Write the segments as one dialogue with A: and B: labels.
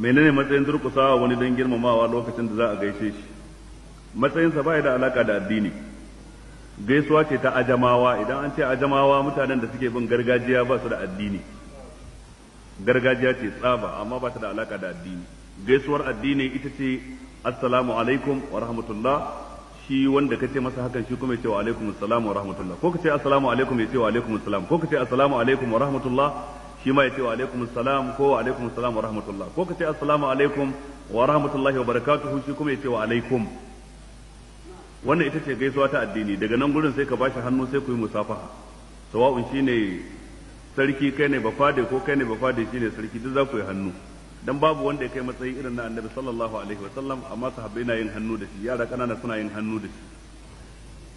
A: menene matsayin durkusawa wani don girmamawa lokacin da za a gaishe shi matsayinsa ba da alaka da addini gaisuwa ce ta ajamawa idan an ce ajamawa mutanen da suke bin gargajiya ba su da addini gargajiya ce tsaba amma ba ta da alaka da addini gaisuwar addini ita ce assalamu alaikum wa rahmatullah shi wanda ka ce masa hakan shi kuma ya ce wa alaikum assalam wa rahmatullah ko ka ce assalamu alaikum ya ce wa alaikum assalam ko ka ce assalamu alaikum wa rahmatullah shi ma ya ce wa alaikum salam ko wa alaikum salam wa rahmatullah ko ka ce assalamu alaikum wa rahmatullahi wa barakatuhu shi kuma ya ce wa alaikum wannan ita ce gaisuwa ta addini daga nan gurin sai ka bashi hannu sai ku yi musafaha sawa'un shine sarki kai ne ba fade ko kai ne ba fade shine sarki duk za ku yi hannu dan babu wanda ya kai matsayi irin na annabi sallallahu alaihi wa sallam amma sahabbai na yin hannu da shi yara kanana suna yin hannu da shi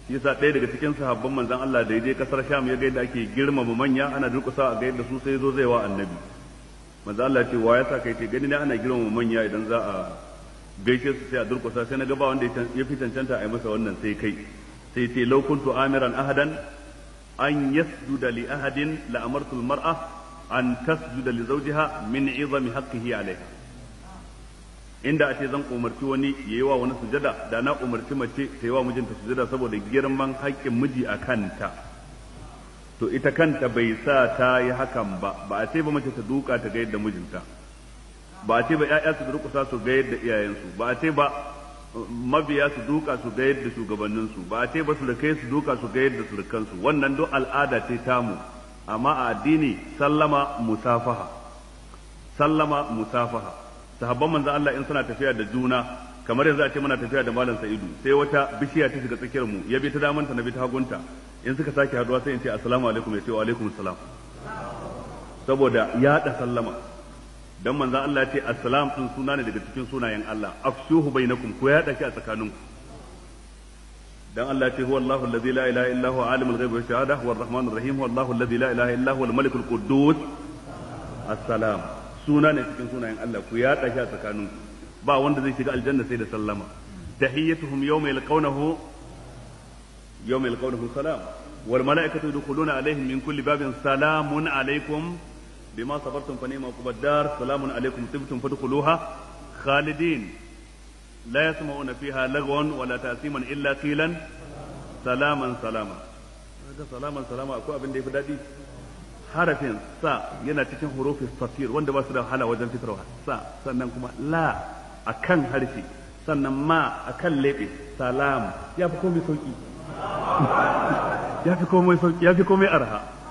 A: yasa ɗaya daga cikin sahabban manzon Allah da yaje kasar Sham ya ga yadda ake girmama manya ana durƙusa a ga yadda su sai zo zai wa annabi manzon Allah ce wa ya sa kai ce gani na ana girmama manya idan za a gaishe su sai a durƙusa sai na ga ba wanda ya fi cancanta a yi masa wannan sai kai sai ce law kuntu amiran ahadan an yasjuda li ahadin la amartu al mar'a an tasjuda li zawjiha min 'izami haqqihi 'alayha inda ake zan umarci wani ya yi wa wani sujada da na umarci mace ta yi wa mijinta sujada saboda girman haƙƙin miji a kanta to ita kanta bai sa ta yi hakan ba ba a ce ba mace ta duka ta ga yadda mijinta ba a ce ba ƴaƴa su durƙusa su ga yadda iyayensu ba a ce ba uh, mabiya su duka su ga yadda shugabanninsu ba a ce ba rikai su duka su ga yadda surukansu wannan duk al'ada ce tamu amma a addini sallama musafaha sallama musafaha sahabban manzo Allah in suna tafiya da juna kamar yanzu a ce muna tafiya da malam Sa'idu sai wata bishiya ta shiga tsakiyar mu ya bi ta damanta na bi ta hagunta in suka sake haduwa sai in ce assalamu alaikum ya ce wa alaikum salam saboda ya da sallama dan manzo Allah ya ce assalam din suna ne daga cikin sunayen Allah afshuhu bainakum ku ya dake a tsakaninku dan Allah ya ce huwa Allahu allazi la ilaha illa huwa alimul ghaibi wash shahada huwa arrahmanur rahim huwa Allahu allazi la ilaha illa huwa al quddus assalam suna ne cikin sunayen Allah ku ya shi a tsakaninku ba wanda zai shiga aljanna sai da sallama tahiyyatuhum yawma yalqawnahu yawma yalqawnahu salam wal malaikatu yadkhuluna alaihim min kulli babin salamun alaikum bima sabartum fa ni'ma uqbadar salamun alaikum tibtum fadkhuluha khalidin لا يسمعون فيها لغوا ولا تأثيما salaman قيلا سلاما سلاما سلاما سلاما أكو أبن دي فدادي harafin sa yana cikin hurufin safir wanda ba su da wahala wajen fitarwa sa sannan kuma la a kan sannan ma a kan leɓe salam ya fi komai ya fi komai sauƙi ya fi komai arha